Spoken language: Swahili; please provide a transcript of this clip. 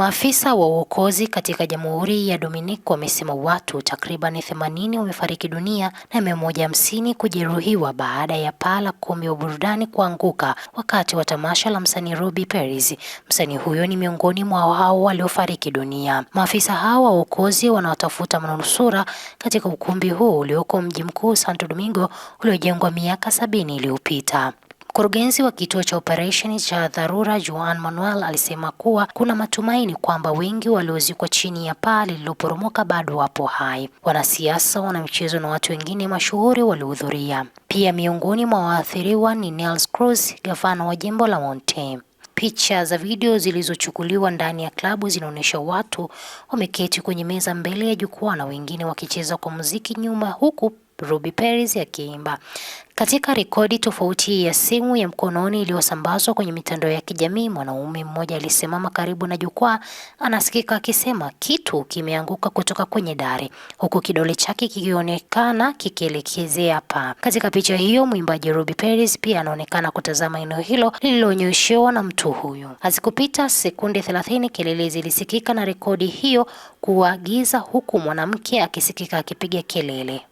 Maafisa wa uokozi katika Jamhuri ya Dominic wamesema watu takriban 80 wamefariki dunia na 150 kujeruhiwa baada ya paa la ukumbi wa burudani kuanguka wakati wa tamasha la msanii Ruby Perez. Msanii huyo ni miongoni mwa hao waliofariki dunia. Maafisa hao wa uokozi wanaotafuta manusura katika ukumbi huu ulioko mji mkuu Santo Domingo uliojengwa miaka sabini iliyopita. Mkurugenzi wa kituo cha operesheni cha dharura Juan Manuel alisema kuwa kuna matumaini kwamba wengi waliozikwa chini ya paa lililoporomoka bado wapo hai. Wanasiasa, wanamichezo na watu wengine mashuhuri walihudhuria. Pia miongoni mwa waathiriwa ni Nels Cruz, gavana wa jimbo la Monte. Picha za video zilizochukuliwa ndani ya klabu zinaonyesha watu wameketi kwenye meza mbele ya jukwaa na wengine wakicheza kwa muziki nyuma, huku Ruby Paris akiimba katika rekodi tofauti ya simu ya mkononi iliyosambazwa kwenye mitandao ya kijamii. Mwanaume mmoja alisimama karibu na jukwaa, anasikika akisema kitu kimeanguka kutoka kwenye dari, huku kidole chake kikionekana kikielekezea paa. Katika picha hiyo, mwimbaji Ruby Perez pia anaonekana kutazama eneo hilo lililonyoshewa na mtu huyo. Hazikupita sekunde 30 kelele zilisikika na rekodi hiyo kuagiza, huku mwanamke akisikika akipiga kelele.